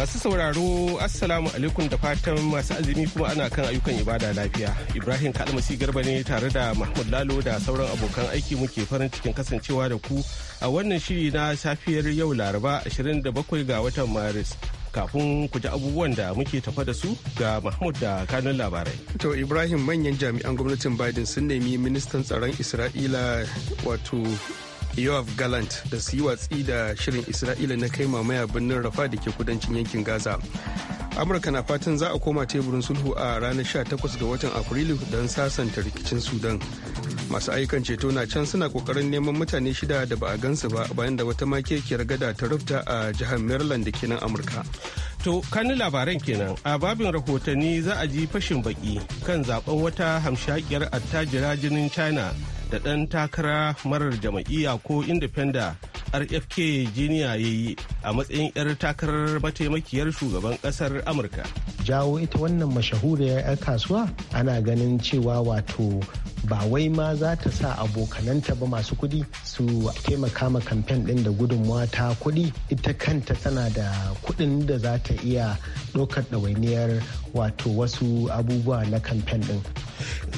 Masu sauraro Assalamu alaikum da fatan masu azumi kuma ana kan ayyukan ibada lafiya. Ibrahim Kalmasi Garba ne tare da Mahmud Lalo da sauran abokan aiki muke farin cikin kasancewa da ku a wannan shiri na safiyar yau Laraba 27 ga watan Maris. kafin ku ji abubuwan da muke tafa da su ga Mahmud da kanun labarai. To Ibrahim manyan jami'an gwamnatin Biden sun nemi ministan tsaron Isra'ila wato Yoav Gallant da su yi watsi da shirin Isra'ila na kai mamaya birnin Rafa da ke kudancin yankin Gaza. Amurka na fatan za a koma teburin sulhu a ranar sha takwas ga watan Afrilu don sasanta rikicin Sudan. Masu ayyukan ceto na can suna kokarin neman mutane shida da ba a gansu ba bayan da wata makekiyar gada ta rufta a jihar Maryland da kenan Amurka. To, kani labaran kenan a babin rahotanni za a ji fashin baki kan zaben wata hamshakiyar attajira jinin China da ɗan takara marar jama'iyya ko indifenda rfk jiniya ya yi a matsayin 'yar takarar mataimakiyar shugaban ƙasar amurka jawo ita wannan mashahuriyar 'yar kasuwa ana ganin cewa wato ba wai ma za ta sa abokananta ba masu kuɗi su taimaka ma kamfen ɗin da gudunmuwa ta kuɗi ita kanta tana da kuɗin da za ta iya ɗaukar ɗawainiyar wato wasu abubuwa na kamfen ɗin.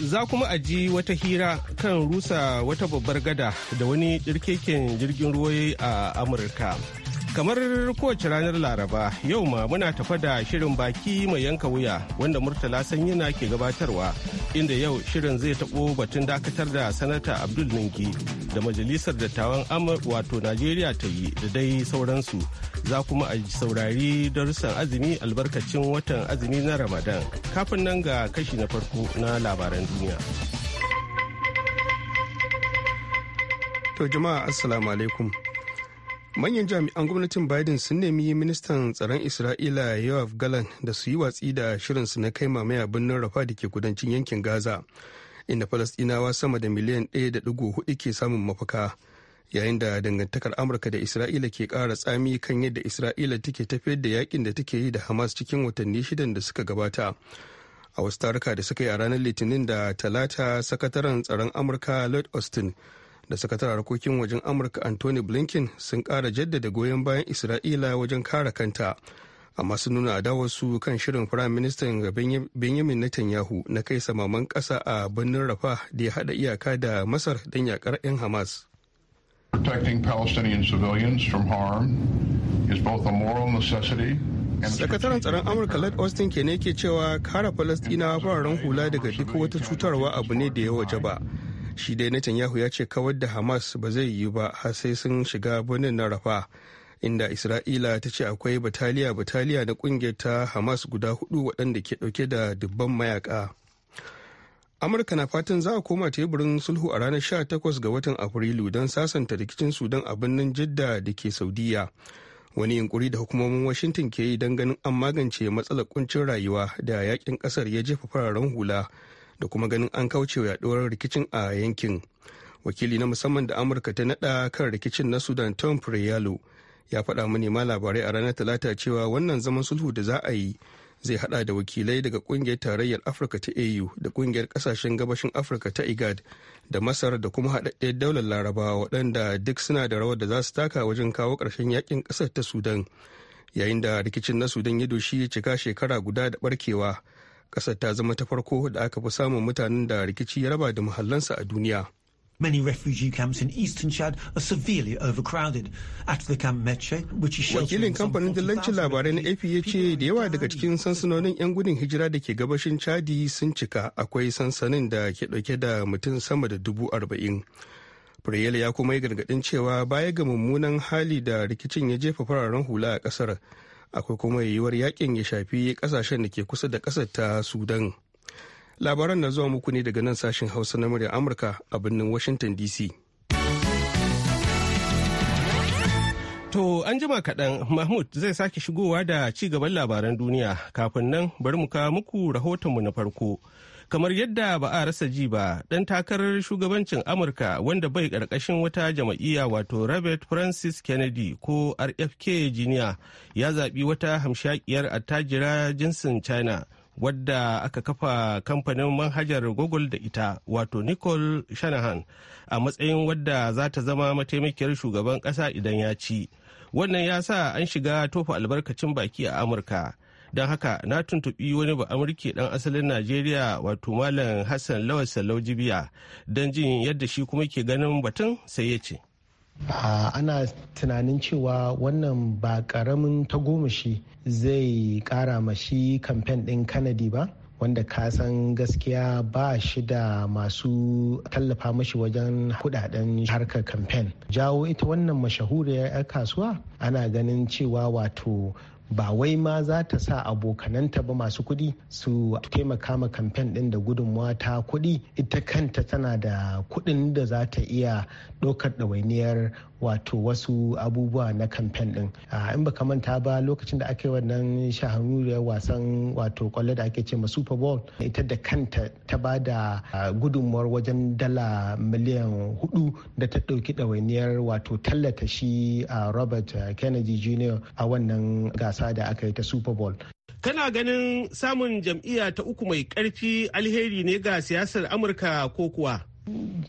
Za kuma aji wata hira kan rusa wata babbar gada da wani jirkeken jirgin ruwa a Amurka. Kamar kowace ranar Laraba, yau ma muna tafa da shirin baki mai yanka wuya wanda Murtala Sanyina ke gabatarwa, inda yau shirin zai taɓo batun dakatar da Sanata Abdul Ninki da Majalisar Dattawan Amur wato Najeriya ta yi da dai sauransu. Za kuma a saurari darussan azumi albarkacin watan azumi na Ramadan. Kafin nan ga kashi na farko na labaran duniya. To jama'a Assalamu alaikum. manyan jami'an gwamnatin biden sun nemi ministan tsaron isra'ila yoav galan da su yi watsi da shirinsu na kai mamaya birnin rafa da ke kudancin yankin gaza inda falastinawa sama da miliyan 1.4 ke samun mafaka yayin da dangantakar amurka da isra'ila ke kara tsami kan yadda isra'ila take tafiyar da yakin da take yi da hamas cikin watanni shidan da suka gabata a wasu taruka da suka yi a ranar litinin da talata sakataren tsaron amurka lord austin da sakatar harkokin wajen amurka anthony blinken sun kara jaddada goyon bayan isra'ila wajen kare kanta amma sun nuna adawarsu kan shirin firayim ministan benjamin netanyahu na kai samaman kasa a birnin rafa da ya hada iyaka da masar don yakar 'yan hamas sakataren tsaron amurka lord austin ke ne ke cewa kare falastinawa fararen hula daga duk wata cutarwa abu ne da ya waje ba shi dai netanyahu ya ce kawar da hamas ba zai yi ba har sai sun shiga birnin na rafa inda isra'ila ta ce akwai bataliya bataliya na kungiyar ta hamas guda hudu waɗanda ke ɗauke da dubban mayaka amurka na fatan za a koma teburin sulhu a ranar 18 ga watan afrilu don sasanta rikicin sudan a birnin jidda da ke saudiya wani yunkuri da hukumomin washington ke yi don ganin an magance matsalar kuncin rayuwa da yakin kasar ya jefa fararen hula da kuma ganin an kauce wa yaɗuwar rikicin a yankin wakili na musamman da amurka ta naɗa kan rikicin na sudan tom preyalo ya faɗa ma labarai a ranar talata cewa wannan zaman sulhu da za a yi zai hada da wakilai daga kungiyar tarayyar afirka ta au da kungiyar kasashen gabashin afirka ta igad da masar da kuma haɗaɗɗiyar daular larabawa waɗanda duk suna da rawar da za su taka wajen kawo ƙarshen yakin ƙasar ta sudan yayin da rikicin na sudan ya doshi cika shekara guda da ɓarkewa. ƙasar ta zama ta farko da aka fi samun mutanen da rikici ya raba da muhallansa a duniya. Many refugee camps in eastern Chad are severely overcrowded. At the camp Meche, which is Wakilin kamfanin dillancin labarai na AP ya ce da yawa daga cikin sansanonin 'yan gudun hijira da ke gabashin Chadi sun cika akwai sansanin da ke dauke da mutum sama da dubu arba'in. Fureyela ya kuma yi gargadin cewa baya ga mummunan hali da rikicin ya jefa fararen hula a kasar akwai kuma yiwuwar yakin ya shafi kasashen da ke kusa da kasar ta sudan labaran na zuwa muku ne daga nan sashen hausa na murya amurka a birnin washington dc To an jima kaɗan Mahmud zai sake shigowa da ci gaban labaran duniya kafin nan bari mu kawo muku rahotonmu na farko. kamar yadda ba a rasa ji ba ɗan takarar shugabancin amurka wanda bai ƙarƙashin wata jama'iyya wato robert francis kennedy ko rfk jiniya ya zaɓi wata hamshakiyar attajira jinsin china wadda aka kafa kamfanin manhajar google da ita wato nicole shanahan a matsayin wadda za ta zama mataimakiyar shugaban kasa idan ya ci wannan ya sa an shiga tofa albarkacin baki a amurka don haka na tuntubi wani ba amurke ɗan asalin najeriya wato malam hassan lawal sallau jibiya don jin yadda shi kuma ke ganin batun sai ya ce ana tunanin cewa wannan ba ƙaramin tagomashi zai ƙara mashi kamfen ɗin kanadi ba wanda ka san gaskiya ba shi da masu tallafa mashi wajen kudaden harkar kamfen jawo ita wannan mashahuriyar 'yar kasuwa ana ganin cewa wato ba wai ma za ta sa abokananta ba masu kuɗi su taimaka ma kamfen ɗin da gudunmawa ta kuɗi ita kanta tana da kuɗin da za ta iya ɗaukar ɗawainiyar wato wasu abubuwa na kamfen din in baka manta ba lokacin da aka yi wannan shahararriyar wasan wato kwallo da ake ce ma super bowl ita da kanta ta ba da gudunmuwar wajen dala miliyan hudu da ta ɗauki ɗawainiyar wato tallata shi a robert kennedy jr a wannan gasa da aka yi ta super bowl kana ganin samun jam'iyya ta uku mai ƙarfi alheri ne ga siyasar amurka ko kuwa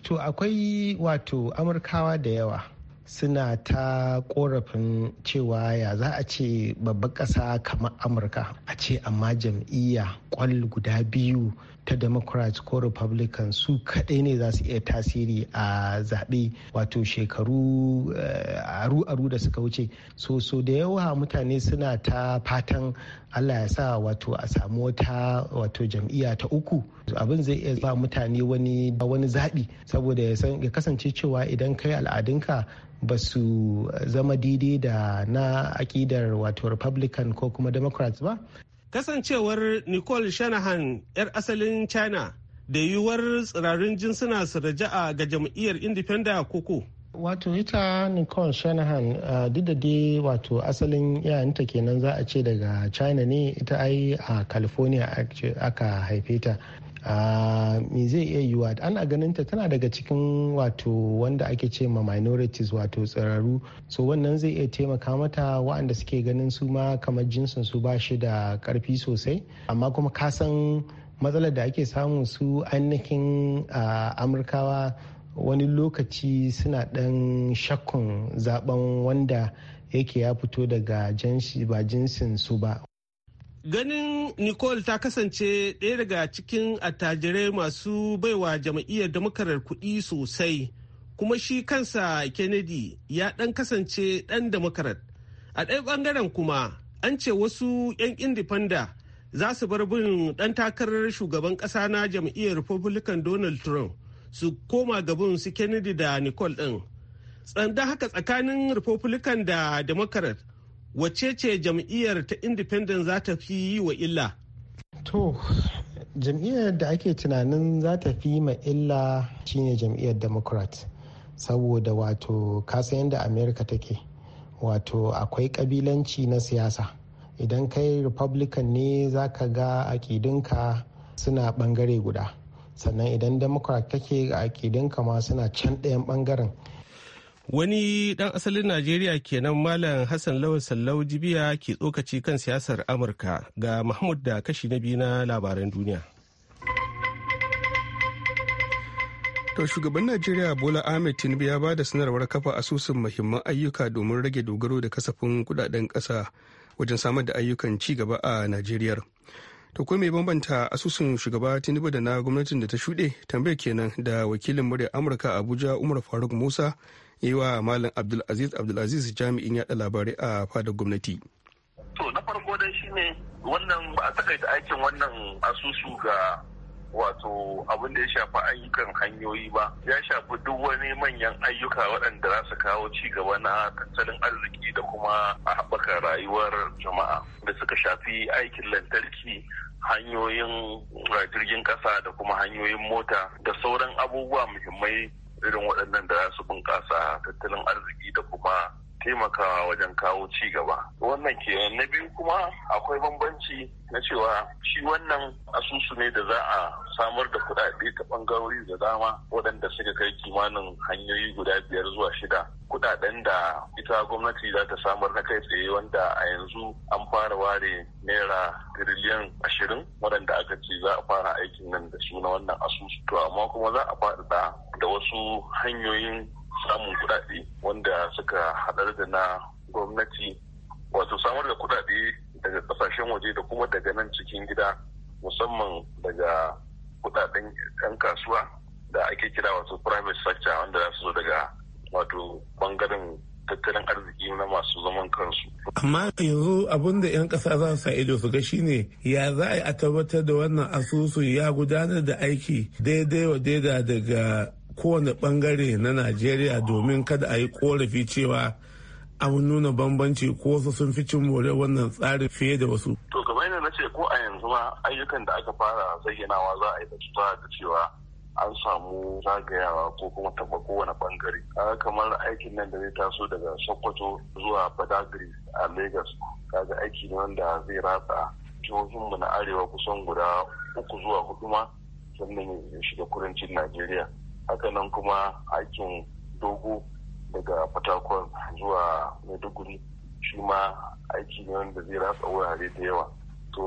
to akwai wato amurkawa da yawa suna ta korafin cewa ya za a ce babban ƙasa kamar amurka a ce amma jam'iyya kwal guda biyu ta democrats ko republican su kadai ne za su iya tasiri a zaɓe wato shekaru aru-aru eh, da suka wuce so so da yawa mutane suna ta fatan allah ya sa wato a samu wata wato jam'iyya ta uku abin zai iya ba mutane wani wani zaɓi saboda ya kasance cewa idan kai al'adunka ba su zama daidai da na akidar wato republican ko kuma democrats ba Kasancewar Nicole Shanahan 'yar asalin China da yiwuwar tsirarin jinsuna su raja'a ga jam'iyyar Independent koko. wato ita nicole shanahan uh, duk da dai wato asalin yayanta kenan za a ce daga china ne ita ai a california aka haife ta me zai iya yiwuwa ana ganin ta tana daga cikin wato wanda ake ce ma minorities wato tsiraru so wannan zai iya taimaka mata waɗanda suke ganin su ma kamar jinsin su ba shi da karfi sosai amma kuma ka san matsalar da ake samu su ainihin amurkawa wani lokaci suna ɗan shakkun zaben wanda yake ya fito daga ba jinsin su ba Ganin Nicole ta kasance ɗaya daga cikin attajirai masu baiwa jam'iyyar damakarar kuɗi sosai, kuma shi kansa Kennedy ya ɗan kasance ɗan damakarar. A ɗaya ɓangaren kuma, an ce wasu 'yan indifenda za su bar bin ɗan takarar shugaban ƙasa na jam'iyyar Republican Donald Trump su koma gabin su Kennedy da Nicole ɗin. Tsanda haka tsakanin Republican da Democrat wace ce jam'iyyar ta independent za ta fi yi wa illa to jam'iyyar da ake tunanin za ta fi ma illa shine jam'iyyar democrat saboda wato kasa yadda america take wato akwai kabilanci na siyasa idan kai republican ne za ka ga akidinka suna bangare guda sannan idan democrat kake akidinka ma suna can ɗayan bangaren Wani ɗan asalin Najeriya kenan Malam Hassan Lawan Sallau Jibiya ke tsokaci kan siyasar Amurka ga Mahmud da kashi na biyu na labaran duniya. To shugaban Najeriya Bola Ahmed Tinubu ya ba da sanarwar kafa asusun muhimman ayyuka domin rage dogaro da kasafin kudaden kasa wajen samar da ayyukan ci gaba a Najeriya. to kuma mai bambanta asusun shugaba tinubu da na gwamnatin da ta shuɗe tambayar kenan da wakilin murya amurka abuja umar faruk musa yi wa malam abdulaziz abdulaziz jami'in yaɗa labarai a fadar gwamnati to na farko dai shine wannan ba a takaita aikin wannan asusu ga wato abin da ya shafi ayyukan hanyoyi ba ya shafi duk wani manyan ayyuka waɗanda za su kawo ci gaba na tattalin arziki da kuma a haɓaka rayuwar jama'a da suka shafi aikin lantarki hanyoyin uh, jirgin ƙasa da kuma hanyoyin mota da sauran abubuwa muhimmai irin waɗannan da za su bunƙasa tattalin arziki da kuma taimakawa wajen kawo ci gaba wannan ke na biyu kuma akwai bambanci na cewa shi wannan asusu ne da za a samar da kuɗaɗe ta bangarori da dama waɗanda suka kai kimanin hanyoyi guda biyar zuwa shida kuɗaɗen da ita gwamnati za ta samar na kai tsaye wanda a yanzu an fara ware naira tiriliyan ashirin waɗanda aka ce za a fara aikin nan da su na wannan asusu to amma kuma za a faɗaɗa da wasu hanyoyin samun kudade wanda suka haɗar da na gwamnati wato samar da kudade daga ƙasashen waje da kuma daga nan cikin gida musamman daga kudaden 'yan kasuwa da ake kira wato private sector wanda za su zo daga wato bangaren tattalin arziki na masu zaman kansu. Amma yanzu abin da 'yan kasa za su ido su ga shine ya za a tabbatar da wannan asusu ya gudanar da aiki daidai wa daida daga kowane bangare na najeriya domin kada a yi korafi cewa an nuna bambanci ko wasu sun fi cin more wannan tsarin fiye da wasu. To kamar yadda na ce ko a yanzu ma ayyukan da aka fara zayyanawa za a yi da cuta da cewa an samu zagayawa ko kuma taba kowane bangare. kamar aikin nan da zai taso daga Sokoto zuwa Badagry a Lagos kaga aiki ne wanda zai ratsa jihohinmu na arewa kusan guda uku zuwa hudu ma sannan ya shiga kudancin Najeriya. hakanan kuma aikin dogo daga fatakwal zuwa maiduguri shi ma aiki ne wanda zai ratsa wurare da yawa to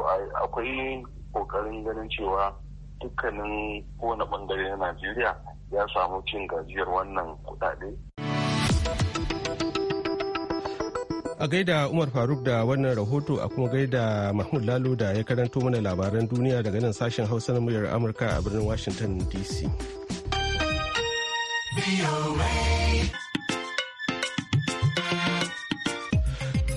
akwai kokarin ganin cewa dukkanin kowane bangare na najeriya ya samu cin gajiyar wannan kudade a gaida umar faruk da wannan rahoto a kuma gaida mahmud lalo da ya karanto mana labaran duniya daga nan sashen hausa na muryar amurka a birnin washington dc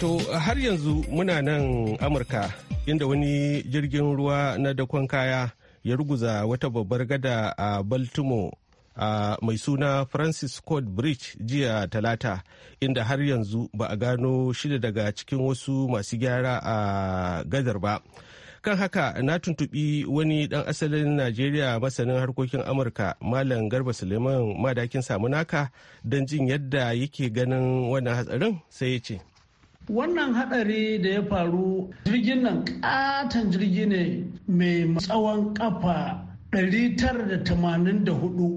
To har yanzu muna nan Amurka inda wani jirgin ruwa na dakon kaya ya ruguza wata babbar gada a Baltimore a mai suna Francis Scott Bridge jiya talata inda har yanzu ba a gano shida daga cikin wasu masu gyara a gadar ba. kan haka na tuntubi wani dan asalin najeriya masanin harkokin amurka malam garba suleiman madakin samunaka don jin yadda yake ganin wannan hatsarin sai ya ce wannan hadari da ya faru jirgin nan katon jirgi ne mai tsawon kafa 984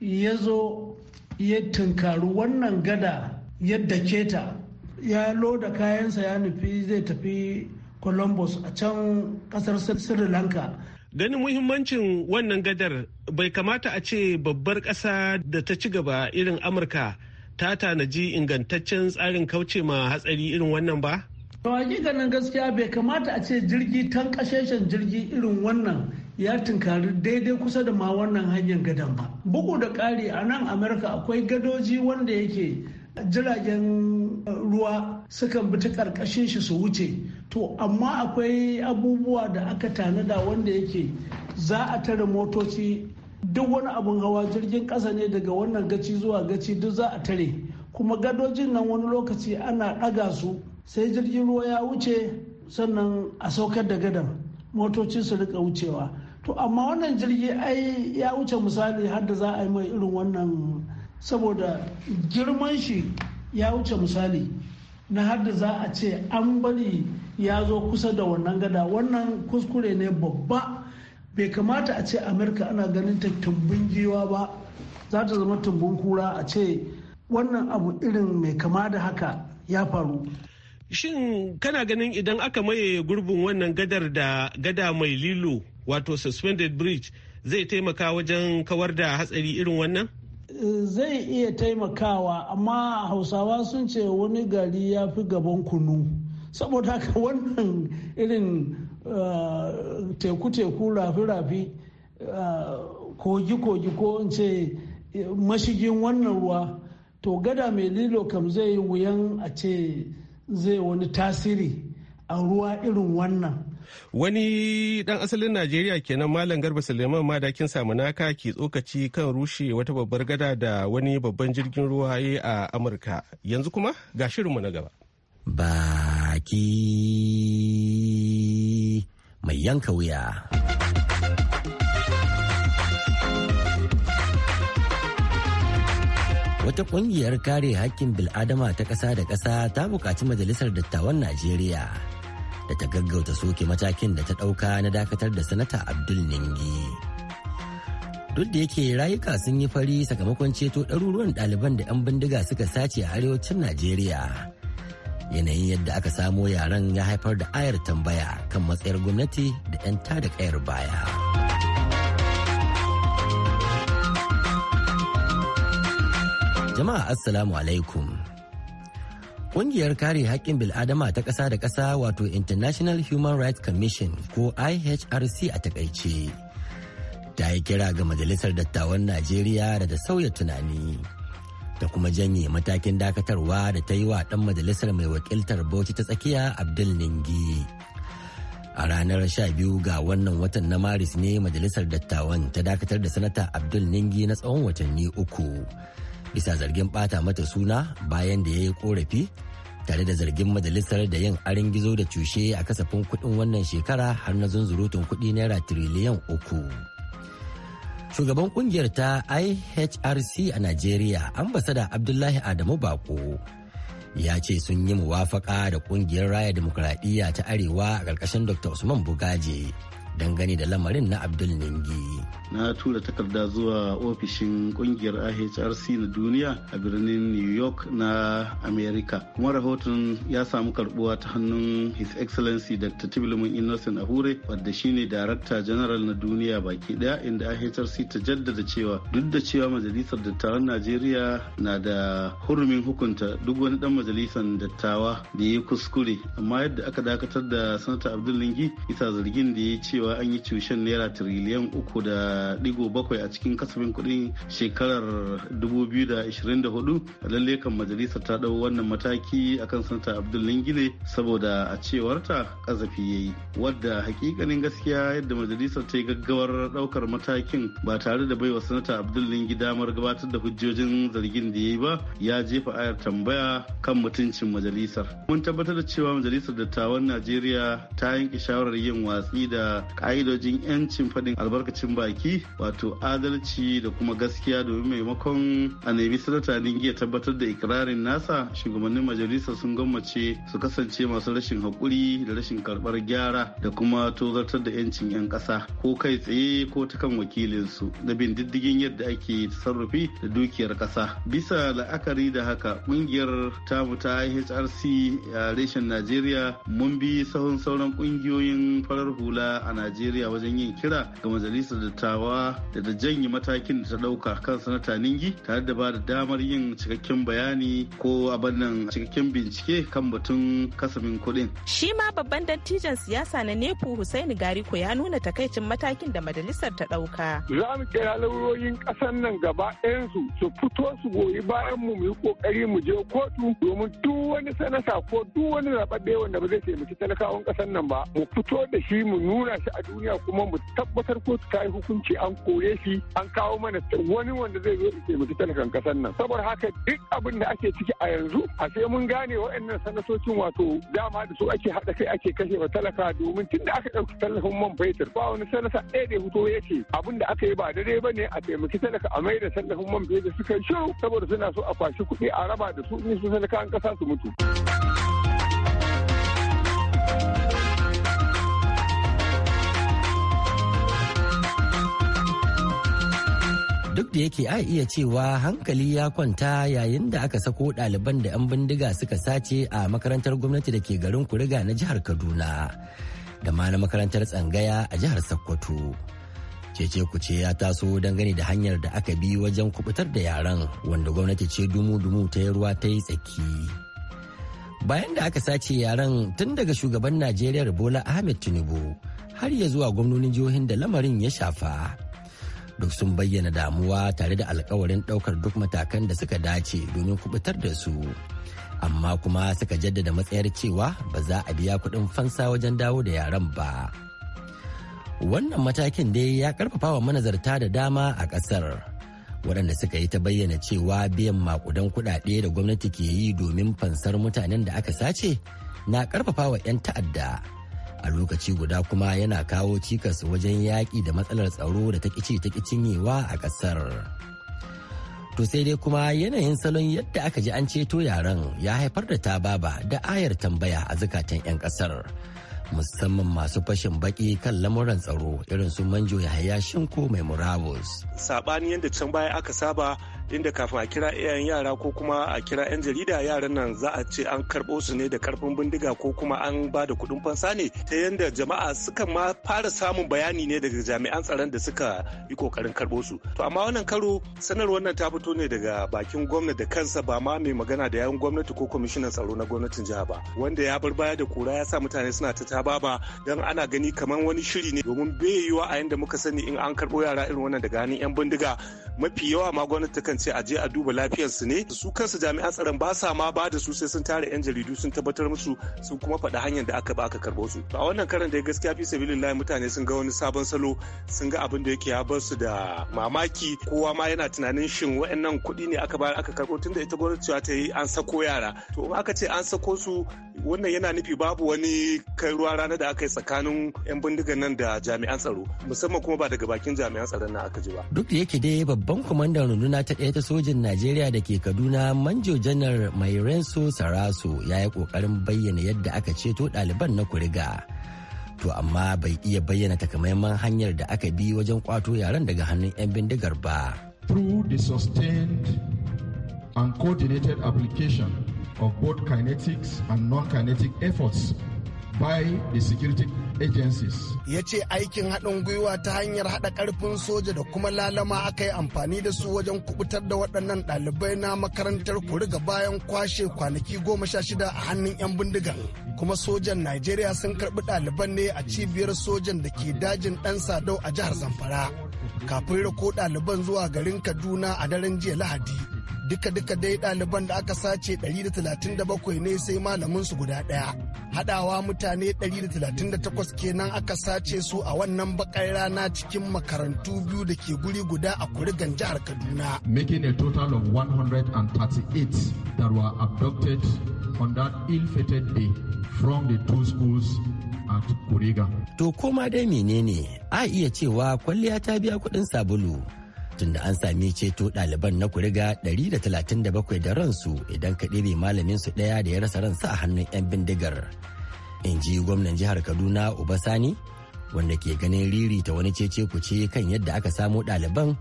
ya zo ya tunkaru wannan gada yadda keta ya loda kayansa ya nufi zai tafi columbus a can kasar sri lanka ganin muhimmancin wannan gadar bai kamata a ce babbar ƙasa da ta ci gaba irin amurka ta tanaji ingantaccen tsarin kauce ma hatsari irin wannan ba? to hakikanin gaskiya bai kamata a ce jirgi tan kasheshen jirgi irin wannan ya tunkari daidai kusa da ma wannan hanyar gadon ba bugu da ƙari a nan amurka akwai gadoji wanda yake jiragen eh, ruwa sukan bi ta ƙarƙashin shi su wuce to amma akwai abubuwa da aka tanada wanda yake za a tare motoci duk wani abun hawa jirgin ƙasa ne daga wannan gaci zuwa gaci duk za a tare kuma gadojin nan wani lokaci ana ɗaga su sai jirgin ruwa ya wuce sannan a saukar da gadon motoci su rika wucewa to amma wannan jirgi ai ya wuce misali har da za a yi mai irin wannan saboda girman shi ya wuce misali na hadda za a ce an bari ya zo kusa da wannan gada wannan kuskure ne babba bai kamata a ce amurka ana ganin ta tumbin giwa ba za ta zama tumbin kura a ce wannan abu irin mai kama da haka ya faru shin kana ganin idan aka maye gurbin wannan gadar da gada mai lilo wato suspended bridge zai taimaka wajen kawar da hatsari irin wannan zai iya taimakawa amma hausawa sun ce wani gari ya fi gaban kunu saboda haka wannan irin eh, teku-teku rafi-rafi eh, kogi-kogi ko in ce mashigin wannan ruwa to gada mai lilo kam zai yi wuyan a ce zai wani tasiri a ruwa irin wannan Wani dan asalin Najeriya kenan Malam Garba Suleiman Madakin Samunaka ke tsokaci kan rushe wata babbar gada da wani babban jirgin ruwa ya a Amurka. Yanzu kuma ga shirinmu na gaba. Baki mai yanka wuya. Wata ƙungiyar kare hakkin bil'adama ta ƙasa da ƙasa ta bukaci Majalisar Dattawan Najeriya. da ta gaggauta soke matakin da ta ɗauka na dakatar da sanata abdul ningi duk da yake rayuka sun yi fari sakamakon ceto ɗaruruwan ɗaliban da 'yan bindiga suka sace a arewacin najeriya yanayin yadda aka samo yaren ya haifar da ayar tambaya kan matsayar gwamnati da 'yan tada kayar baya jama'a assalamu alaikum Ƙungiyar kare haƙƙin bil'adama ta ƙasa da ƙasa wato International Human Rights Commission ko IHRC a takaice. Ta yi kira ga Majalisar Dattawan Najeriya da ta sauya tunani. Ta kuma janye matakin dakatarwa da ta yi wa ɗan majalisar mai wakiltar Bauchi ta tsakiya Abdul Ningi. A ranar sha biyu ga wannan watan na Maris ne Majalisar Dattawan ta dakatar da Sanata Abdul Ningi na tsawon watanni uku. bisa zargin ɓata mata suna bayan da ya yi korafi tare da zargin majalisar da yin arin gizo da cushe a kasafin kuɗin wannan shekara har na zunzurutun kuɗi naira tiriliyan uku. Shugaban kungiyar ta IHRC a Najeriya, ambasada Abdullahi Adamu Bako, ya ce sun yi muwafaka da kungiyar raya demokuraɗiyya ta Arewa a ƙarƙashin Dr. Usman Bugaje dangane da lamarin na abdul ningi na tura takarda zuwa ofishin kungiyar ahrc na duniya a birnin new york na america kuma rahoton ya samu karbuwa ta hannun his excellency dr tibulumin innocent ahure wadda shine darakta general na duniya baki daya inda ahrc ta jaddada cewa duk da cewa majalisar dattawan najeriya na da hurumin hukunta duk wani dan majalisar dattawa da ya kuskure amma yadda aka dakatar da sanata abdul lingi isa zargin da ya cewa cewa an yi cushen naira tiriliyan uku da digo bakwai a cikin kasafin kuɗin shekarar 2024 lalle kan majalisa ta dau wannan mataki akan sanata abdul lingile saboda a cewarta kazafi ya yi wadda hakikanin gaskiya yadda majalisar ta yi gaggawar ɗaukar matakin ba tare da baiwa sanata abdul lingi damar gabatar da hujjojin zargin da ya yi ba ya jefa ayar tambaya kan mutuncin majalisar mun tabbatar da cewa majalisar dattawan najeriya ta yanke shawarar yin watsi da ka'idojin 'yancin faɗin albarkacin baki wato adalci da kuma gaskiya domin maimakon a nemi sanatanin ya tabbatar da ikirarin nasa shugabannin majalisa sun gwammace su kasance masu rashin haƙuri da rashin karɓar gyara da kuma tozartar da 'yancin 'yan ƙasa ko kai tsaye ko ta kan wakilinsu da bin diddigin yadda ake sarrafi da dukiyar ƙasa bisa la'akari da haka ƙungiyar tamu ta IHRC a reshen Najeriya mun bi sahun sauran ƙungiyoyin farar hula a Najeriya wajen yin kira ga majalisar dattawa da ta janye matakin da ta dauka kan sanata Ningi tare da ba da damar yin cikakken bayani ko abannan cikakken bincike kan batun kasafin kuɗin. Shi ma babban dattijan siyasa na Nepu Hussaini Gariko ya nuna takaicin matakin da majalisar ta dauka Za mu kira lauyoyin ƙasar nan gaba ɗayansu su fito su goyi bayan mu muyi yi ƙoƙari mu je kotu domin duk wani sanata ko duk wani zaɓaɓɓe wanda ba zai taimaki talakawan ƙasar nan ba mu fito da shi mu nuna shi ta a duniya kuma mu tabbatar ko ta yi hukunci an koye shi an kawo mana wani wanda zai zo da taimaki talakan kasar nan saboda haka duk abin da ake ciki a yanzu a sai mun gane waɗannan sanatocin wato dama da su ake haɗa kai ake kashe wa talaka domin tun da aka ɗauki tallafin man fetur ba wani sanata ɗaya da fito ya ce abin da aka yi ba dare ba ne a taimaki talaka a mai da tallafin man fetur suka yi shiru saboda suna so a kwashi kuɗi a raba da su ne su talaka an ƙasa su mutu. duk da yake a iya cewa hankali ya kwanta yayin da aka sako ɗaliban da 'yan bindiga suka sace a makarantar gwamnati da ke garin kuriga na jihar kaduna da ma na makarantar tsangaya a jihar sokoto cece kuce ya taso dangane da hanyar da aka bi wajen kubutar da yaran wanda gwamnati ce dumu-dumu ta yi ruwa ta yi tsaki bayan da aka sace yaran tun daga shugaban najeriya bola ahmed tinubu har ya zuwa gwamnonin jihohin da lamarin ya shafa duk sun bayyana damuwa tare da alkawarin ɗaukar duk matakan da suka dace domin kubutar da su amma kuma suka jaddada matsayar cewa ba za a biya kuɗin fansa wajen dawo da yaran ba wannan matakin dai ya karfafa wa manazarta da dama a ƙasar waɗanda suka yi ta bayyana cewa biyan makudan kuɗaɗe da gwamnati ke yi domin fansar mutanen da aka sace na karfafa wa 'yan ta'adda a lokaci guda kuma yana kawo cikas wajen yaƙi da matsalar tsaro da ta ƙici ta cinyewa a ƙasar. To sai dai kuma yanayin salon yadda aka ji an ceto yaren ya haifar da tababa da ayar tambaya a zukatan 'yan ƙasar. musamman masu fashin baki kan lamuran tsaro irin su manjo yahaya shinko mai murabus sabani yadda can baya aka saba inda kafin a kira iyayen yara ko kuma a kira 'yan jarida yaran nan za a ce an karɓo su ne da karfin bindiga ko kuma an ba da kuɗin fansa ne ta yadda jama'a suka ma fara samun bayani ne daga jami'an tsaron da suka yi kokarin karɓo su to amma wannan karo sanarwar nan ta fito ne daga bakin gwamnati da kansa ba ma mai magana da 'yan gwamnati ko kwamishinan tsaro na gwamnatin jiha ba wanda ya bar baya da kura ya sa mutane suna ta baba don ana gani kamar wani shiri ne domin bai wa a yanda muka sani in an karɓo yara irin wannan daga hannun 'yan bindiga mafi yawa ma gwamnati kan ce a je a duba lafiyar su ne su kansu jami'an tsaron ba sa ma ba da su sai sun tare 'yan jaridu sun tabbatar musu sun kuma faɗi hanyar da aka ba aka karɓo su a wannan karan da gaskiya fi sabilillahi mutane sun ga wani sabon salo sun ga abin da yake ya bar su da mamaki kowa ma yana tunanin shin wa'annan kuɗi ne aka bayar aka karɓo tunda ita gwamnati ta yi an sako yara to in aka ce an sako su wannan yana nufi babu wani kai ruwa kuma rana da aka yi tsakanin 'yan bindigan nan da jami'an tsaro musamman kuma ba daga bakin jami'an tsaron nan aka ji ba. Duk da yake dai babban kwamandan runduna ta ɗaya ta sojin Najeriya da ke Kaduna Manjo Janar Mai Renso Saraso ya yi kokarin bayyana yadda aka ceto ɗaliban na kuriga. To amma bai iya bayyana takamaiman hanyar da aka bi wajen kwato yaren daga hannun 'yan bindigar ba. Through the sustained and coordinated application of both kinetics and non-kinetic efforts by the security agencies. Ya ce aikin haɗin gwiwa ta hanyar haɗa ƙarfin soja da kuma lalama aka yi amfani da su wajen kubutar da waɗannan ɗalibai na makarantar kuriga bayan kwashe kwanaki goma sha shida a hannun 'yan bindigan. Kuma sojan Najeriya sun karɓi ɗaliban ne a cibiyar sojan da ke dajin ɗan sadau a jihar Zamfara. Kafin rako ɗaliban zuwa garin Kaduna a daren jiya Lahadi. duka-duka dai ɗaliban da aka sace 137 ne sai malamin su guda ɗaya haɗawa mutane 138 kenan aka sace su a wannan bakar rana cikin makarantu biyu da ke guri guda a kurigan jihar kaduna making a total of 138 that were abducted on that ill-fated day from the two schools to koma dai menene a iya cewa kwalliya ta biya kuɗin sabulu da an sami ceto ɗaliban na kuriga 137 da ransu idan ka ɗebe malamin su ɗaya da ya rasa ransa a hannun 'yan bindigar in ji gwamnan jihar kaduna obasani wanda ke ganin riri ta wani cece kuce kan yadda aka samo ɗaliban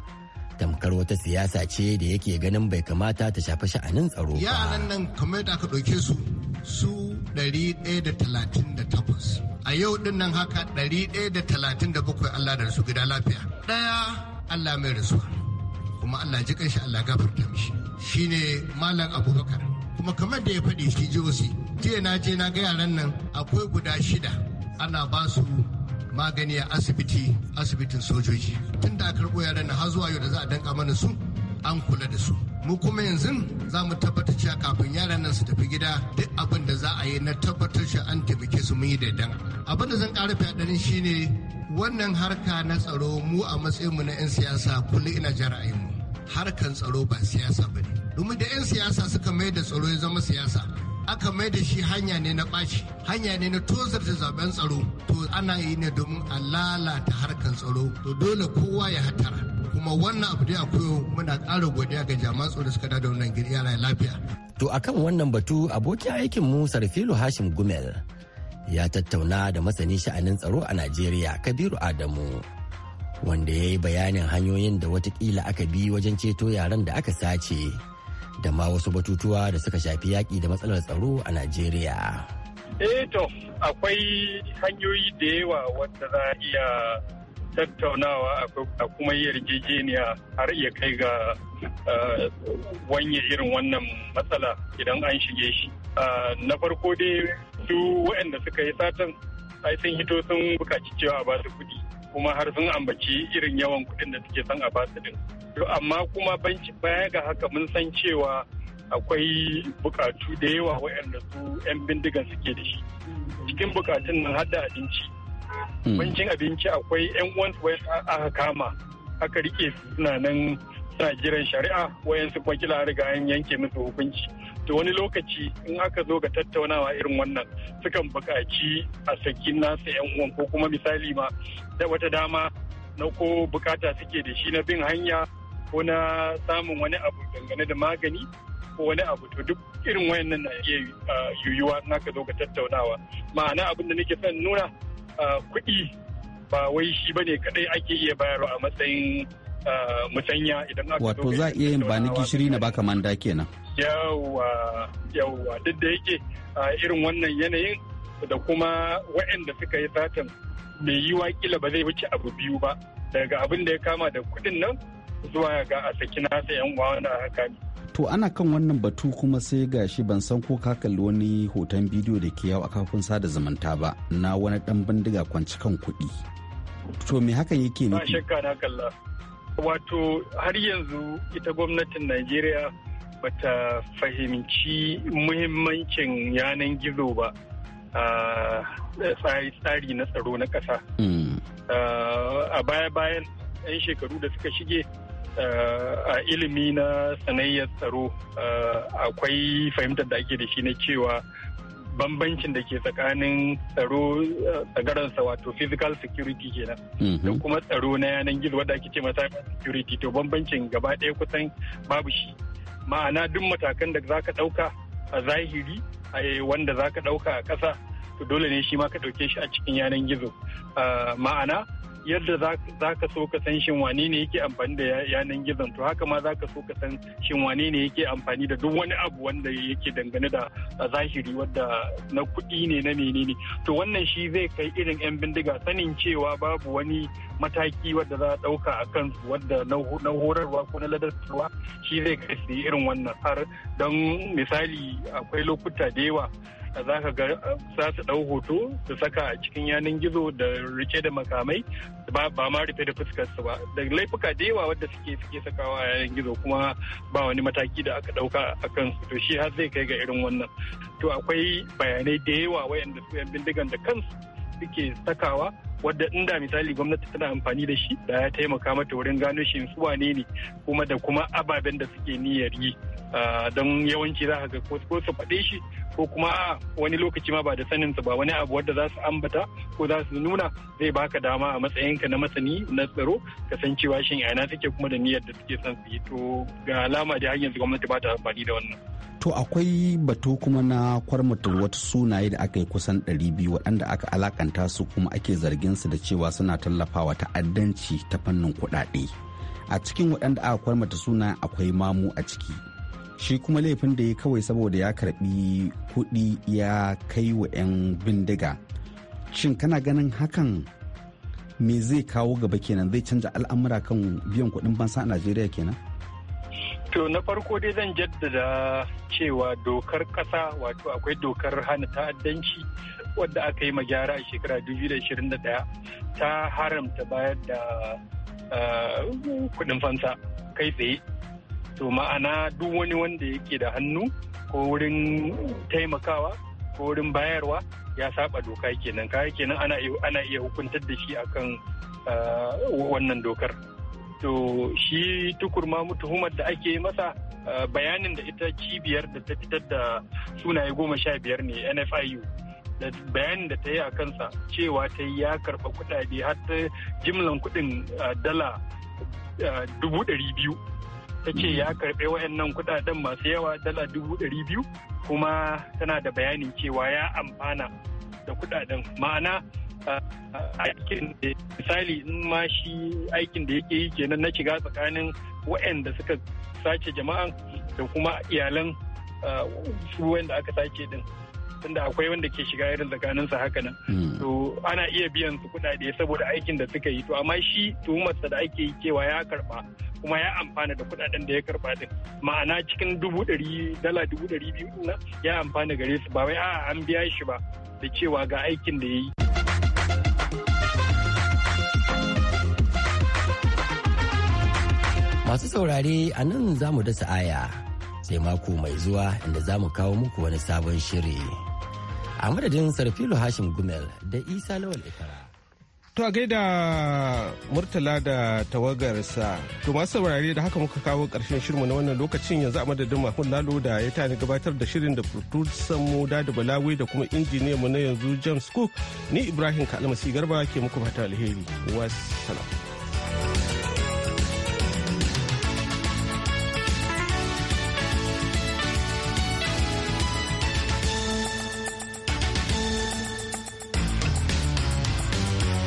tamkar wata siyasa ce da yake ganin bai kamata ta shafi sha'anin tsaro ba. Yaran nan kamar da aka ɗauke su su 138 a yau ɗin nan haka 137 Allah da su gida lafiya. Ɗaya Allah mai rasuwa kuma Allah ji kanshi Allah gafarta mishi shine malam Abubakar kuma kamar da ya faɗi shi wasu jiya na je na ga yaran nan akwai guda shida ana ba su magani a asibiti asibitin sojoji tun da aka karɓo yaran nan har zuwa yau da za a danka mana su an kula da su mu kuma yanzu za mu tabbatar cewa kafin yaran nan su tafi gida duk abin da za a yi na tabbatar shi an taimake su mun yi daidai abin da zan ƙara fiye shine wannan harka na tsaro mu a matsayin mu na 'yan siyasa kullum ina mu harkan tsaro ba siyasa ba ne domin da 'yan siyasa suka mai da tsaro ya zama siyasa aka mai da shi hanya ne na ɓaci hanya ne na tozarta zaben tsaro to ana yi ne domin a lalata harkan tsaro to dole kowa ya hatara kuma wannan abu da koyo muna ƙara godiya ga jami'an tsaro da suka da wannan gari lafiya to akan wannan batu abokin aikin mu sarfilu hashim gumel ya tattauna da masani sha'anin tsaro a Najeriya Kabiru Adamu wanda ya yi bayanin hanyoyin da watakila aka bi wajen ceto yaren da aka sace da ma wasu batutuwa da suka shafi yaƙi da matsalar tsaro a Najeriya. Eh to akwai hanyoyi da yawa wanda za a iya tattaunawa a kuma yarjejeniya har iya kai ga eh, wanye irin wannan matsala idan an shige shi. Ah, na farko dai su waɗanda suka yi satan sai sun hito sun bukaci cewa a basu kuɗi kuma har sun ambaci irin yawan kuɗin da suke son a basu din to amma kuma banci baya ga haka mun san cewa akwai bukatu da yawa waɗanda su 'yan bindigan suke da shi cikin bukatun nan har da abinci hmm. bancin abinci akwai 'yan uwansu wai aka kama aka rike suna nan suna jiran shari'a wayansu kuma kila riga an yanke musu hukunci to wani lokaci in aka zo ga tattaunawa irin wannan sukan buƙaci a sakin nasa 'yan uwan ko kuma misali ma da wata dama na ko bukata suke da shi na bin hanya ko na samun wani abu dangane da magani ko wani abu to duk irin wayannan na iya yuyuwa in aka zo ga tattaunawa ma'ana abin da nake son nuna kuɗi ba wai shi bane kadai ake iya bayarwa a matsayin musanya idan aka wato za a iya yin ba na gishiri na baka manda kenan Yawwa, yawwa duk da yake a irin wannan yanayin da kuma waɗanda suka yi satan mai yiwa kila ba zai wuce abu biyu ba daga abin da ya kama da kuɗin nan zuwa ga a saki nasa yan uwa wanda ne. To ana kan wannan batu kuma sai gashi ban san ko ka kalli wani hoton bidiyo da ke yawo a kafin sada zumunta ba na wani dan bindiga kwanci kan kuɗi. To me hakan yake nufi? Ba shakka na kalla. Wato har yanzu ita gwamnatin Najeriya bata fahimci muhimmancin yanan gizo ba a tsari na tsaro na ƙasa. Hmm. A baya-bayan 'yan shekaru da suka shige a ilimi na sanayyar tsaro akwai fahimtar da ake da shi na cewa bambancin da ke tsakanin tsaro tsagararsa wato physical security kenan da hmm. kuma tsaro na yanan gizo wadda ake ce masa security to bambancin gaba ɗaya kusan babu shi ma'ana duk matakan da za ka ɗauka a zahiri a wanda za ka ɗauka a ƙasa to dole ne shi ma ka ɗauke shi a cikin yanar gizo ah, ma'ana yadda za ka so ka san shin wane ne yake amfani da yanan gizon to haka ma za ka so ka san shin wane ne yake amfani da duk wani abu wanda yake dangane da zahiri wadda na kuɗi ne na menene to wannan shi zai kai irin 'yan bindiga sanin cewa babu wani mataki wadda za a ɗauka a kansu wadda na horarwa ko na ladarwa shi zai kai su irin wannan har don misali akwai lokuta da yawa za ka ga eh, za su ɗau hoto su saka a cikin yanin gizo da rike da makamai ba ma rufe da fuskarsu ba da laifuka da yawa wadda suke suke sakawa a yanin gizo kuma ba wani mataki da aka ɗauka a su to shi har zai kai ga irin wannan to akwai bayanai da yawa wayanda su yan bindigan da kansu suke sakawa wadda inda misali gwamnati tana amfani da shi da ya taimaka mata wurin gano shi su wane ne kuma da kuma ababen da suke niyyar yi don yawanci za ga ko su faɗe shi ko kuma wani lokaci ma ba da sanin ba wani abu wadda za su ambata ko za su nuna zai baka dama a matsayinka na masani na tsaro ka san cewa shin yana suke kuma da niyyar da suke son su yi to ga alama da har yanzu gwamnati ba ta amfani da wannan to akwai batu kuma na kwarmata wata sunaye da aka yi kusan 200 waɗanda aka alakanta su kuma ake zargin zarginsu da cewa suna tallafawa ta'addanci ta fannin kuɗaɗe a cikin waɗanda aka ta suna akwai mamu a ciki shi kuma laifin da ya kawai saboda ya karbi kuɗi ya kai wa 'yan bindiga shin kana ganin hakan me zai kawo gaba kenan zai canza al'amura kan biyan kuɗin bansa a najeriya kenan To na farko dai zan jaddada cewa dokar ƙasa wato akwai dokar hana ta'addanci wadda aka yi magyara a shekara 2021 ta haramta bayar da eh, kudin fansa kai tsaye to ma'ana duk wani wanda yake da hannu ko wurin taimakawa ko wurin bayarwa ya saba doka kenan kaya kenan ana iya hukuntar da shi akan eh, wannan dokar to shi tukurma tuhumar da ake masa eh, bayanin da ita cibiyar da ta fitar da sunaye goma sha biyar ne nfiu da bayanin da ta yi a kansa cewa ta yi ya karɓa kuɗaɗe har ta jimlan kuɗin dala dubu ɗari biyu ta ce ya karɓe wayannan kuɗaɗen masu yawa dala dubu ɗari biyu kuma tana da bayanin cewa ya amfana da kuɗaɗen ma'ana aikin da misali in ma shi aikin da yake yi kenan na shiga tsakanin wayanda suka sace jama'an da kuma iyalan su wayanda aka sace din tunda akwai wanda ke shiga irin tsakaninsa haka nan hmm. to ana iya biyan su kuɗaɗe saboda aikin da suka yi to amma shi tuhumarsa da ake yi cewa ya karba kuma ya amfana da kuɗaɗen da ya karba din ma'ana cikin dubu ɗari dala dubu ɗari biyu ya amfana gare su ba wai a an biya shi ba da cewa ga aikin da ya yi. Masu saurare a nan za mu dasa aya sai mako mai zuwa inda zamu kawo muku wani sabon shiri. a madadin sarfilo hashim gumel da isa lawal ikara to a gaida murtala da tawagarsa to masu saurare da haka muka kawo karshen shirmu na wannan lokacin yanzu a madadin mahmud lalo da ya tani gabatar da shirin da producer mu da balawai da kuma injiniyar mu na yanzu james cook ni ibrahim kalmasi garba ke muku fata alheri wassalam